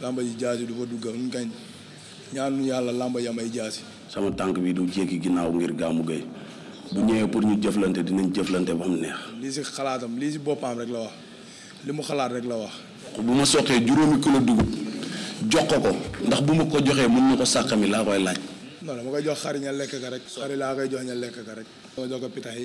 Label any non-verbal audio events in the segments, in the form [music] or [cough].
lamba ji jaasi du fa dugg ñun kañ ñaanu yàlla lamba ji am ay jaasi. sama tànk bi du jéggi ginnaaw ngir gàmmu gay bu ñëwee pour ñu jëflante dinañ jëflante ba mu neex. lii si xalaatam lii si boppam rek la wax li mu xalaat rek la wax. bu ma soqee juróomi kilo dugub jox ko ko ndax bu ma ko joxee mën na ko sàq mi laa koy laaj. non dama koy jox xari lekk ka rek. xari laa koy jox ña lekk ka rek. dama jox ko pitax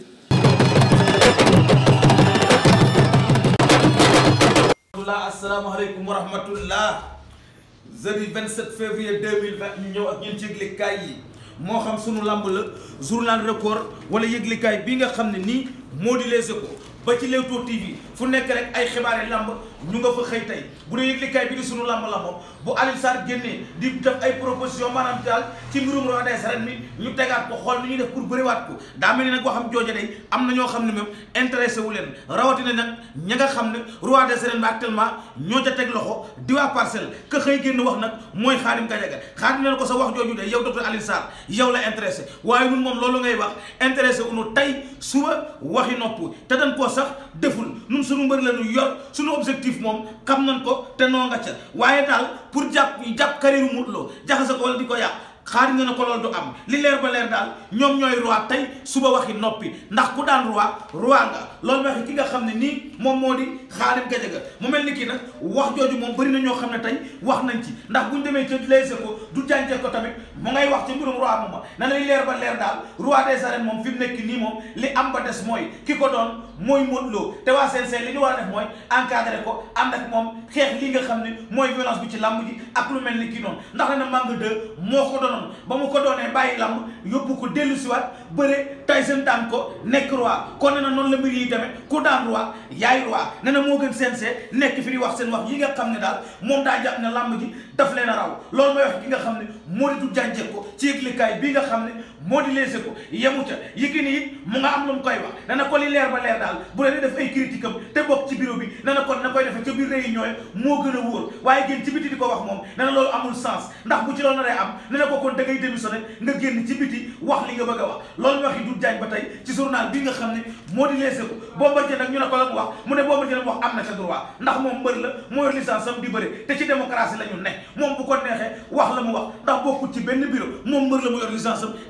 jeudi 27 février 2020 ñu ñëw ak ñun ci yëglikaay yi moo xam suñu làmb la journal record wala yëglikaay bi nga xam ne nii moo di Les Échos ba ci Leewtoo TV fu nekk rek ay xibaari làmb ñu nga fa xëy tey bu dee yëglikaay bi di sunu lamb la bu Alioune génnee di def ay proposition maanaam daal ci mbirum roi des arènes mi ñu tegaat ko xool ni ñuy def pour bëriwaat ko daa mel ni nag waxam jooja day ne leen rawatina nag ña nga xam ne roi des arènes bi actuellement ñoo ca teg loxo di waa parcelle que xëy génn wax nag mooy Khadim Gadiaga Khadim leen ko sa wax jooju de yow docteur Alioune Sarr yow la intéressé waaye ñun moom loolu ngay wax intéressé unu tey suba waxi nopp te dañ koo sax deful ñun suñu mbër la ñu yor xiif moom xam nañ ko te noo nga ca waaye daal pour jàpp jàpp carrière Modou Lo jaxase ko wala di ko yàq xaar nga ne ko loolu du am li leer ba leer daal ñoom ñooy roi tey suba waxi noppi ndax ku daan roi roi nga loolu waxi ki nga xam ne nii moom moo di Khadim Gadiaga mu mel ni kii nag wax jooju moom bëri na ñoo xam ne tey wax nañ ci ndax buñ demee ca Les Échos du jànjee ko tamit mu ngay wax ci mbirum roi mooma na leer ba leer daal roi des arènes moom fi mu nekk nii moom li am ba des mooy ki ko doon mooy Modou Lo te waa CNG li ñu war a def mooy encadré ko ànd ak moom xeex li nga xam ne mooy violence bi ci làmb ji ak lu mel kii noonu ndax ne na Manga 2 moo ko doon doonoon ba mu ko doonee bàyyi lamb yóbbu ko dellu siwaat bëre Tyson daan ko nekk roi kon ne na la mbir yi tamit ku daan roi yaay roi ne na moo gën sensee nekk fi di wax seen wax yi nga xam ne daal moom daa jàpp ne lamb ji daf leen a raw loolu mooy wax ki nga xam ne moo di du jànjee ko ci yëglikaay bi nga xam ne modulise ko yemu ca Yékini it mu nga am lu mu koy wax dana ko li leer ba leer daal bu leen def ay critique am te bokk ci bureau bi dana ko na koy defee ca biir réunion yi moo gën a wóor ko wax moom dana loolu amul sens ndax bu ci loolu am dana ko kon da ngay démissionné nga génn wax li nga bëgg wax loolu ñu wax ba tey ci journal bi nga xam ne modulise ko Bombardier nag ñu ne ko la mu mu ne Bombardier la mu wax na ndax moom mbër la moo yor di bëre te ci démocratie la ñu ne moom bu ko neexee wax la mu wax ndax bokkul ci benn bureau moom mbër la mu yor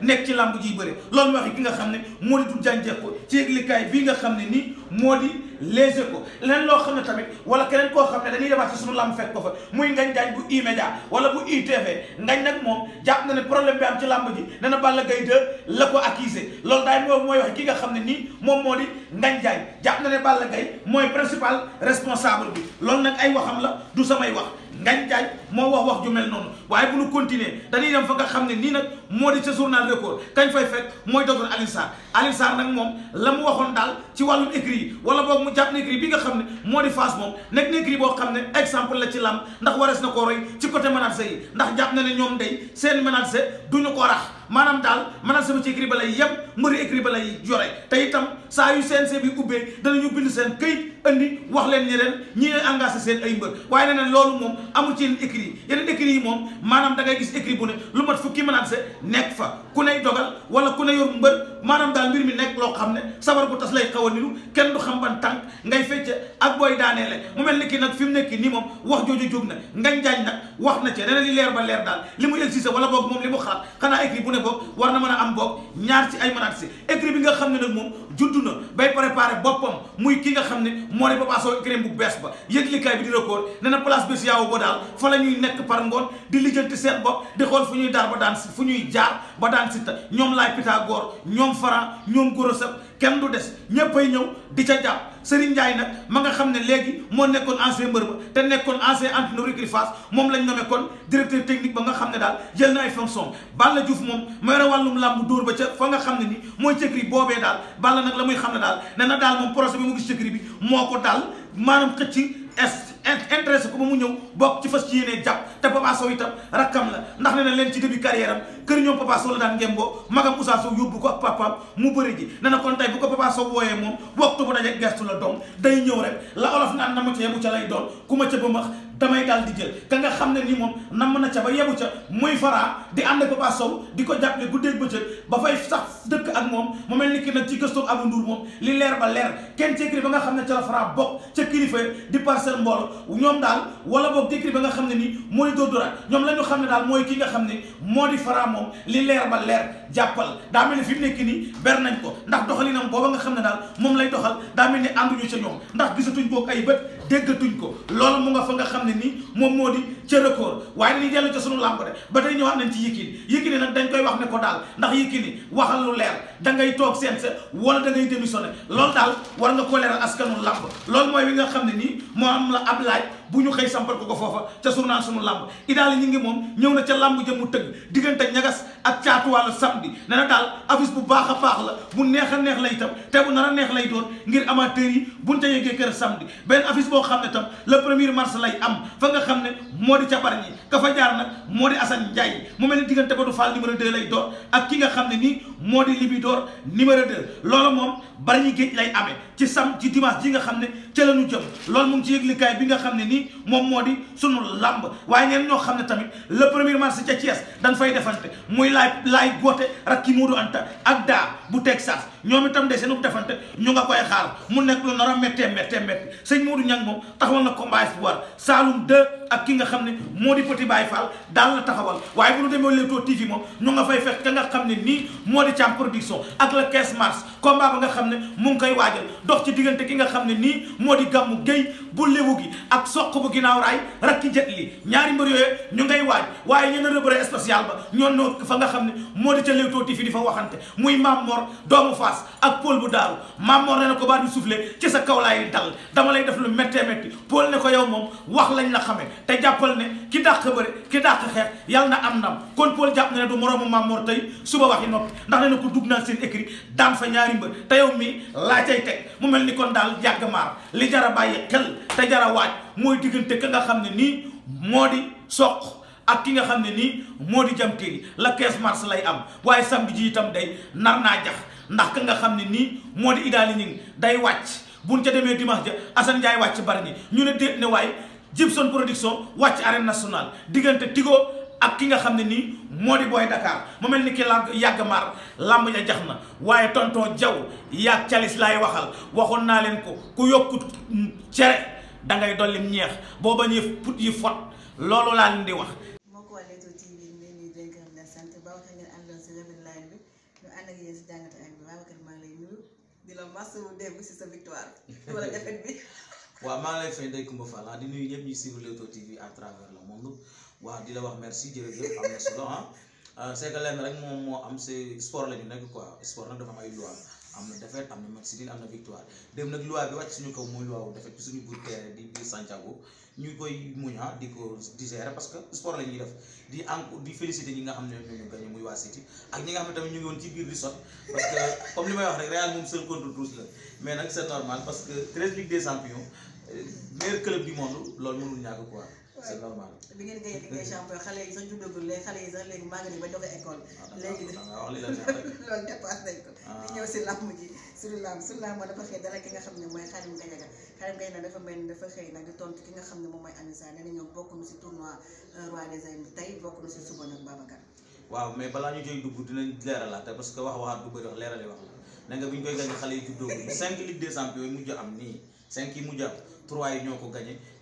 nekk ci làmb jiy bëre loolu waxi ki nga xam ne moo di du jànjeex ko ci yëglikaay bii nga xam ne nii moo di léegi ko leneen loo xam ne tamit wala keneen koo xam ne dañuy demaat ci sunu làmb fekk ko fa muy ngañ jaañ bu E-Media wala i ITV ngañ nag moom jàpp na ne problème bi am ci làmb ji nee na Balla Gaye 2 la ko accusé loolu daal moom mooy wax ki nga xam ne nii moom moo di ngañ jaañ jàpp na ne Balla Gaye mooy principal responsable bi loolu nag ay waxam la du samay wax Ngagne Ndiaye moo wax wax ju mel noonu waaye bu ñu continuer dañuy dem fa nga xam ne nii nag moo di ca journal record kañ fay fekk mooy docteur Alioune Sarr Alioune Sarr nag moom la mu waxoon daal ci wàllum écrit yi wala boog mu jàpp ne bi nga xam ne moo di Fass moom nekk na boo xam ne exemple la ci lamb ndax warees na ko roy ci côté manager yi ndax jàpp na ne ñoom day seen manager duñu ko rax maanaam daal maanaam sama ci écrit ba lay yem mbëri écrit ba lay yore te itam saa yu CNG bi ubbee danañu bind seen këyit andi wax leen ni ren ñi lay seen ay mbër waaye nee na loolu moom amu ci yeneen écrit yi moom maanaam ngay gis écrit bu ne lu mat fukki nekk fa ku ney dogal wala ku ne yor mbër maanaam daal mbir mi nekk loo xam ne sabar bu tas lay xaw a niru kenn du xam ban tànk ngay fecce ak booy daaneele mu mel ni nag fi mu nekk nii moom wax jooju jóg na ngañ jaañ nag wax na ci nee na li leer ba leer daal li mu existe wala boog moom li mu xalaat xanaa écrit bu ne boog war na mën a am boog ñaar ci ay manaat si écrit bi nga xam ne nag moom judd na bay préparé boppam muy ki nga xam ne moo di Papa Sow écrit bu bees ba yëglikaay bi di record ne na place bis yaaw ba daal fa la nekk par ngoon di lijjanti seen bopp di xool fu ñuy daar ba daan si fu ñuy jaar ba daan si ta ñoom laay Pythagore ñoom Franc ñoom Gorosep kenn du des ñëppay ñëw di ca jàpp Serigne jaay nag ma nga xam ne léegi moo nekkoon ancien mbër ba te nekkoon ancien entraîneur Fass moom lañ nommé kon directeur technique ba nga xam ne daal jël na ay fonction Balla Diouf moom ma yore wàllum làmb dóor ba ca fa nga xam ne ni mooy cëkri boobee daal Balla nag la muy xam ne daal ne na daal moom projet bi mu gis cëkri bi moo ko daal maanaam xëcc intéressé ko ba mu ñëw bokk ci fas ci yéenee jàpp te Papa Sow itam rakkam la ndax ne na leen ci début carrière am kër ñoom Papa Sow la daan ngemboo magam Oussa Sow yóbbu ko ak papaam mu bëri ji ne na kon tey bu ko Papa wooyee moom waxtu bu daje gertu la doom day ñëw rek la olof naan na ma ceebu ca lay doon ku ma ca ba damay daal di jël ka nga xam ne nii moom namm na ca ba yebu ca muy Fara di ànd Papa Sow di ko jàppale guddeeg bëccëg ba fay sax dëkk ak moom mu mel ni ki nag ci gëstoog Abou Ndour moom li leer ba leer kenn ci écurie ba nga xam ne ca la Fara bokk ca kilifa di parcelle mbooloo ñoom daal wala boog ci écurie nga xam ne nii mooy dóordóora ñoom la ñu xam ne daal mooy ki nga xam ne moo di Fara moom li leer ba leer jàppal daa mel ni fi mu nekk nii ber nañ ko ndax doxalinam booba nga xam ne daal moom lay doxal daa mel ni ànduñu ca ñoom ndax gisatuñ boog ay bët déggatuñ ko loolu mu nga fa nga xam ne nii moom moo di ca record waaye dañuy dellu ca sunu làmb de ba tey ñëw ñëwaat nañ ci Yékini Yékini nag dañ koy wax ne ko daal ndax Yékini waxal lu leer da ngay toog seen sa wala da ngay démissionné loolu daal war nga koo leeral askanu làmb loolu mooy wi nga xam ne nii moo am la ab laaj bu ñu xëy sampal ko ko foofa ca journal sunu làmb idaali ñu ngi moom ñëw na ca làmb jëmu tëgg diggante ñagas ak caatuwàllu samedi ne na daal affiche bu baax a baax la bu neex neex lay itam te bu nar a neex lay doon ngir amateur yi buñ ca yeggee kër samedi benn affiche boo xam ne tam le premier mars lay am fa nga xam ne moo di ca bar ñi ka fa jaar nag moo di Assane Ndiaye mu mel ni diggante ba du faal numéro 2 lay doon ak ki nga xam ne nii moo di Libidor numéro 2 loola moom bari ñi géej lay amee ci sam ci dimanche ji nga xam ne ca la ñu jëm loolu mu ngi ci yëglikaay bi nga xam ne nii moom moo di sunu lamb waaye neen ñoo xam ne tamit le premier mars ca Thiès dañ fay defante muy laay laay goote rak ki Moodu Anta ak daa bu Texas ñoom itam de seen seenu defante ñu nga koy xaar mu nekk lu nar a méttee méttee méttee sëñ Moodu Ñang moom taxawal na combat espoir Saloum 2 ak ki nga xam ne moo di Petit Baye Fall daal la taxawal waaye bu ñu demee Leewtoo TV moom ñu nga fay fekk ka nga xam ne nii moo di càmm production ak le 15 mars combat ba nga xam ne mu koy waajal dox diggante ki nga xam ne nii moo di gàmmu géy bu léwu soq bu ginnaaw raay rakki njët li ñaari mbër yooyu ñu ngay waaj waaye ñu ne rëbëre spécial ba ñoon noo fa nga xam ne moo di ca Leewtoo TV di fa waxante doomu Faas ak Paul bu daaru Mame Mor ne na ko baat bi soufflé ci sa kaw laay dal dama lay def lu méttee métti Paul ne ko yow moom wax lañ la xamee te jàppal ne ki dàq bëre ki dàq xeex yal na am ndam kon Paul jàpp na ne du moroomu Mame Mor tey suba waxi noppi ndax ne na ko dugg naa seen écrit daan fa ñaari mbër te yow mi laa cay teg mu mel ni kon daal yàgg maar li jara bàyyi xel te jara waaj mooy diggante ka nga xam ne nii moo di soq ak ki nga xam ne nii moo di jam téeri la 15 mars lay am waaye samedi ji itam day nar naa jax ndax ka nga xam ne nii moo di idaali ñi day wàcc buñ ca demee dimanche ja Assane Ndiaye wàcc bari ñi ñu ne déet ne waaye Gibson production wàcc arène nationale diggante Tigo ak ki nga xam ne nii moo di booy Dakar moo mel ni ki làmb yàgg maar làmb ja jax na waaye tontoo jaw yàgg calis laay waxal waxoon naa leen ko ku yokkut da ngay dollim ñeex booba bañee put yi fot loolu laa leen di wax. moo ko waa Leewtoo TV ñu ngi di la sant ba wax si revue de si jàngat ak bi Babacar maa ngi lay nuyu di la si sa victoire [laughs] wala [laughs] ah, di la wax merci jërëjëf am na ah [laughs] euh, c'est lenn rek moom moo am si sport la nekk quoi sport nag dafa am ay lois. am na défaite am na match am na victoire dem nag loi bi wàcc suñu kaw mooy loi wu suñu biir terrain di di Santiago ñu koy muñ ah, di ko digérer parce que sport la ñuy def di en di féliciter ñi nga xam ne ñoo ñu gagné muy waa City ak ñi nga xam ne tamit ñu ngi woon ci biir di sot parce que [laughs] comme li may wax rek Real moom seul contre tous la mais nag c'est normal parce que treize Ligue des Champions euh, meilleur club du monde loolu mënul ñàkk quoi. c'est normal. bi ngeen koy liggéey champion xale yi sax juddagul léegi xale yi sax léegi maa ngi ba joxe école. Ah, léegi dafa xëy nga xam ne mooy Khadim Gadiaga Khadim Gadiaga dafa mel ni dafa xëy nag nga xam ne moom mooy Anissa nee na ñoom bokkuñu si tournoi euh, roi des arènes tey bokkuñu si suba nag Babacar. waaw mais balaa ñu joy dugg dinañ leeralaate parce que wax waxaat du bëri wax wax la na nga bi ñu koy gagné xale yi juddóoguñ cinq ligue des champions yi mujj am nii cinq yi mujj am trois yi ñoo ko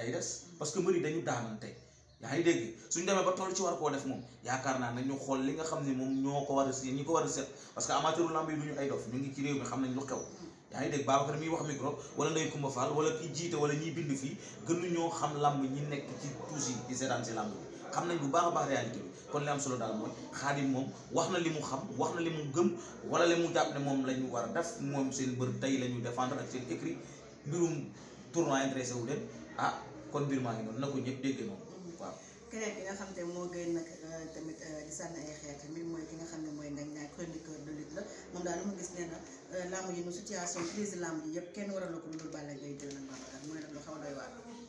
day des parce que mbëri dañu daanante yaa ngi dégg suñu demee ba toll ci war koo def moom yaakaar naa nañu xool li nga xam ne moom ñoo ko war a si ñi ko war a set parce que amateuru lamb yi du ñu ay dof ñu ngi ci réew mi xam nañ lu xew yaa ngi dégg Babacar miy wax micro wala Ndeye Coumba Fall wala ki jiite wala ñiy bind fii gënuñoo xam lamb ñi nekk ci tuusi di seetaan si lamb bi xam nañ bu baax a baax réalité bi kon li am solo daal mooy Xaadim moom wax na li mu xam wax na li mu gëm wala li mu jàpp ne moom la ñu war a def moom seen bër tey la ñu défendre ak seen écrit mbirum tournoi intéressé wu leen ah kon mbir maa ngi noonu na ko ñëpp dégg noonu waaw. keneen ki nga xam te moo gën nag euh, tamit euh, di sànni ay xeet mi mooy ki nga xam ne mooy ngañ ñaay chroniqueur de lutte la moom daal mu gis nee na euh, làmb yi nu situation crise làmb yi yëpp kenn waral na ko lu dul Balla Gaye jël nag Babacar mu ne nag lu xaw a doy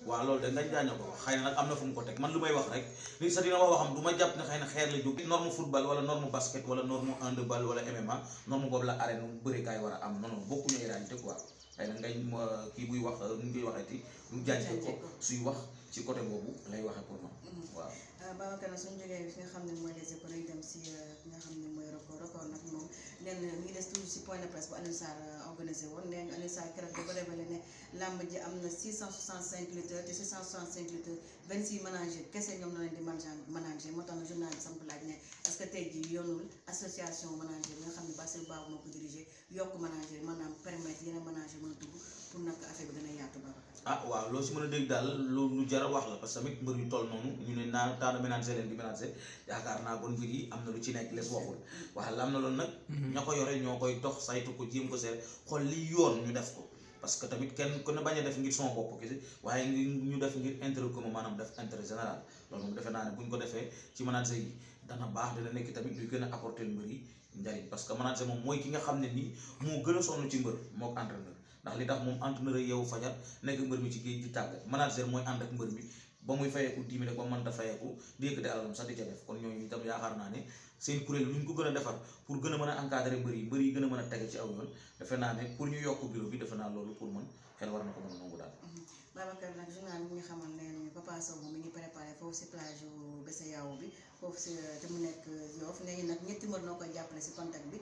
waaw loolu de ndañ daaño ko wax xëy na nag am na fu mu ko teg man lu may wax rek li sa dina wax waxam du ma jàpp ne xëy na xeer la jóg norme football wala norme basket wala norme handball wala MMA norme boobu la arène bërikaay war a am non non bokkuñu ay réalité quoi xëy na ngay euh, kii buy wax euh, nu ñu koy waxeeti lu jànjee ko suy wax ci côté boobu lay waxee pour ma Babacar nag suñu jógee fi nga xam ne mooy les écoles yi dem si euh, fi mooy record record na mi ngi des toujours si point de presse bu Alioune euh, am na 665 te 665 lutteurs 26 managers kese ñoom na leen di manager manager moo tax na journal bi samp laaj ne est que tey jii yoonul association manager bi nga xam ne Bassirou Ba moo ko a pour nag affaire bi gën a yaatu ba ah waaw loo si mën a dégg daal lu jar a wax la parce que tamit mbër yu toll noonu ñu ne naa daana ménager leen di ménager yaakaar naa bon mbir yi am na lu ci nekk les waxul wax la am na loolu nag mhm. ña ko yore ñoo koy dox saytu ko jéem ko seet xool yoon ñu def ko parce que tamit kenn ku ne bañ a def ngir son bopp kese waaye ñu def ngir intérêt commun maanaam def intérêt général loolu moom defe naa ne bu ko defee ci ménager yi dana baax dina nekk tamit luy gën a apporter mbër yi njariñ parce que ménager moom mooy ki nga xam ne nii moo gën a sonn ci mbër moo ko entraîneur ndax li tax moom entraîneur a yeewu fajar nekk mbër mi ci géej di tàggat manager mooy ànd ak mbër mi ba muy fayeeku dix mille ba mën da fayeeku di yëkkati alalam sax di ca def kon ñooñu itam yaakaar naa ne seen kuréel lu ñu ko gën a defar pour gën a mën a encadrer mbër yi mbër yi gën a mën a tege ci aw yoon defe naa ne pour ñu yokk bureau bi defe naa loolu pour man xel war na ko mën a nangu daal mhm. Babacar nag journal mu nga xamal ne ni Papa Sow mi ngi préparé foofu si plage yu Bessayaaw bi foofu si te mu nekk Yoff nee ñu jàppale si contact bi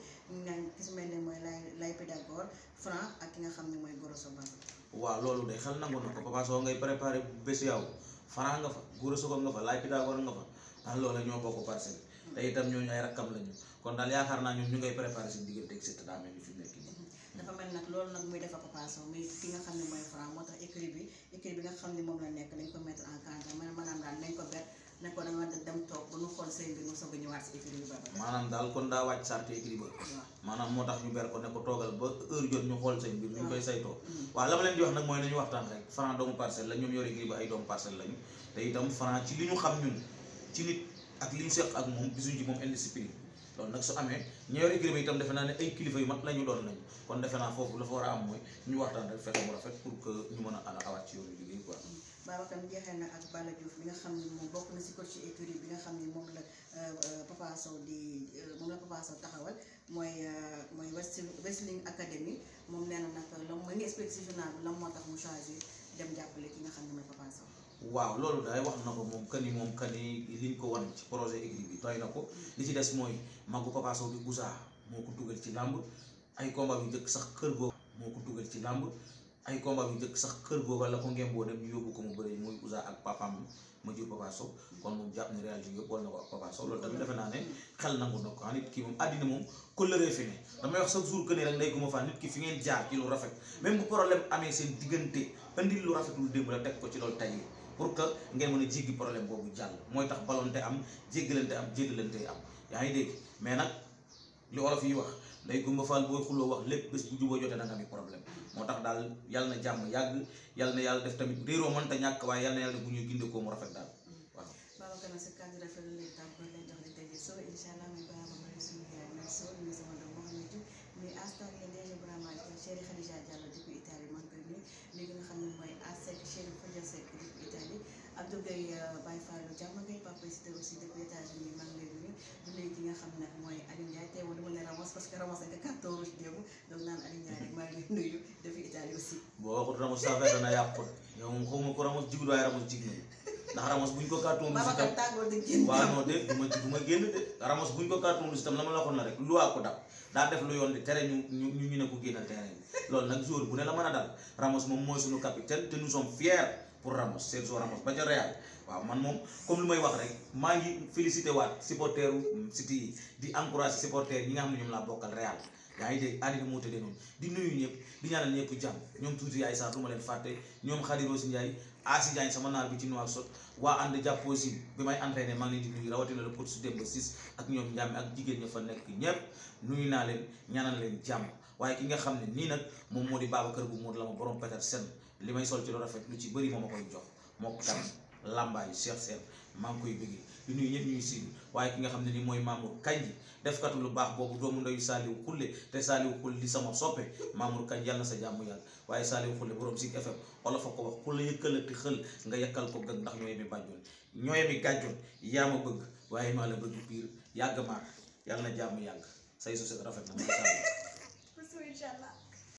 mel ne mooy lay lay pédagore ki nga xam ne mooy Goroso Ban. waaw loolu de xel na ko Papa Sow ngay préparé Bessayaaw franc nga fa Goroso nga fa lay pédagore nga fa ndax ah, loolu ñoo bokk parcelle te itam ñooñu ay rakkam lañu kon daal yaakaar naa ñoom ñu ngay préparé si diggante ak Siteu daa mel fi nekk dafa mel nag loolu nag muy defa Papa Sow muy ki nga xam ne mooy Franc nga xam ne moom la nekk dañ ko daal ko bet ne ko da nga dem toog ba ñu xool sëñ bi a ñëwaat si écurie ba maanaam kon daa wàcc sartu écurie ba maanaam moo tax ñu ber ko ne ko toogal ba heure jot ñu xool sëñ bi ñu koy saytoo mm. waaw la ma leen di wax nag mooy nañu waxtaan rek Franc doomu parcelle la ñoom yor écurie ba ay doomu parcelle lañu te itam Franc ci li ñu xam ñun ci nit ak li ñu seq ak moom gisuñ ci moom indiscipline loolu nag su amee ñi yor écurie bi itam defe naa ne ay kilifa yu mat lañu ñu doon nañu kon defe naa foofu la fa war a am mooy ñu waxtaan rek fexe mu rafet pour que ñu mën a ala awaat ci yoonu liggéey quoi. Babacar jeexee na ak Balla Diouf bi nga xam ne moom bokk na si coach écurie bi nga xam ne moom la euh, Papa Sow di euh, moom la Papa taxawal mooy euh, mooy Wrestling Academy moom nee na nag la mooy nga expliqué si journal bi lan moo tax mu choisir dem jàppale ki nga xam ne mooy Papa waaw loolu daay wax na ko moom kani moom kani liñ ko wan ci projet équipe bi doy na ko li ci des mooy magu Papa Sow bi Goussa moo ko dugal ci làmb ay combat yu njëkk sax kër googu moo ko dugal ci làmb ay combat yu sax kër googu la ko ngeen boo dem ñu yóbbu ko mu bëre muy Goussa ak papaam ma jur Papa Sow kon moom jàpp ne réalité yëpp war ko ak Papa Sow loolu tamit defe naa ne xel nangu na ko ah nit ki moom àddina moom kóllëree fi ne damay wax chaque jour que ne rek nday ma faa nit ki fi ngeen jaar ci rafet même bu problème amee seen diggante andil lu rafetul démb teg ko ci loolu tey pour que ngay mën a jéggi problème boobu jàll mooy tax balonte am jéggalante am jéggalante am yaa ngi dégg mais nag li wolof yi wax day gumba faal booy xuloo wax lépp bés bu juboo jotee na nga problème moo tax daal yàlla na jàmm yàgg yàlla na yàlla def tamit réeroo mënta ñàkk waaye yàlla na yàlla def bu ñuy gindikoo mu rafet daal jàmm ngay Papa Siteu aussi depuis États-Unis maa ngi lay nuyu di nuyu ki nga xam nag mooy Aliou Ndiaye tey woon dama ne Ramos parce que Ramos nga carton rouge démb donc naan Aliou Ndiaye rek maa ngi lay nuyu depuis Italie aussi. boo waxut Ramos sa affaire dana yàqu yow moom xaw ma ko Ramos jigul waaye Ramos jig na ndax Ramos buñ ko carton rouge itam waaw non de du ma du ma génn de Ramos buñ ko carton rouge itam la ma la waxoon la rek lu waa ko dab daa def lu yoon di tere ñu ñu ñu ñu ne ko génn terrain loolu nag jour bu ne la mën a dal Ramos moom mooy suñu capitaine te nous sommes fiers pour Ramos Sergio Ramos ba ca Real waaw man moom comme lu may wax rek maa ngi félicité waat supporteru City yi di encouragé supporter yi nga xam ne ñoom laa bokkal Real yaa ngi dégg àddina moo tëddee noonu di nuyu ñëpp di ñaanal ñëpp jàmm ñoom tuuti yaay sax du ma leen fàtte ñoom Khady Rose Ndiaye Asi Diagne sama naar bi ci noir sot waa ànd jàppoo si bi may entraîné maa ngi leen di la rawatina le coach Demba Ciss ak ñoom Ndiame ak jigéen ña fa nekk ñëpp nuyu naa leen ñaanal leen jàmm waaye ki nga xam ne nii nag moom moo di Babacar bu Modou la ma borom peter sen li may sol ci lu rafet lu ci bëri moom ma koy jox moo tam làmbaayu Cheikh Sène maa ngi koy bëggee di nuyu ñëpp ñuy siiw waaye ki nga xam ne ni mooy Mamour Kandji defkatu lu baax boobu doomu ndeyu Saliou Khoule te Saliou Khoule di sama soppe Mamour Kandji yàlla na sa jàmm yàlla waaye Saliou Khoule borom Zik FM wala fa ko wax ku la yëkkalati xël nga yàkkal ko gën ndax ñooy mi bàjjoon ñooy mi gàjjoon yaa ma bëgg waaye maa la bëgg biir yàgg maa yàlla na jàmm yàgg say su rafet na inşallah.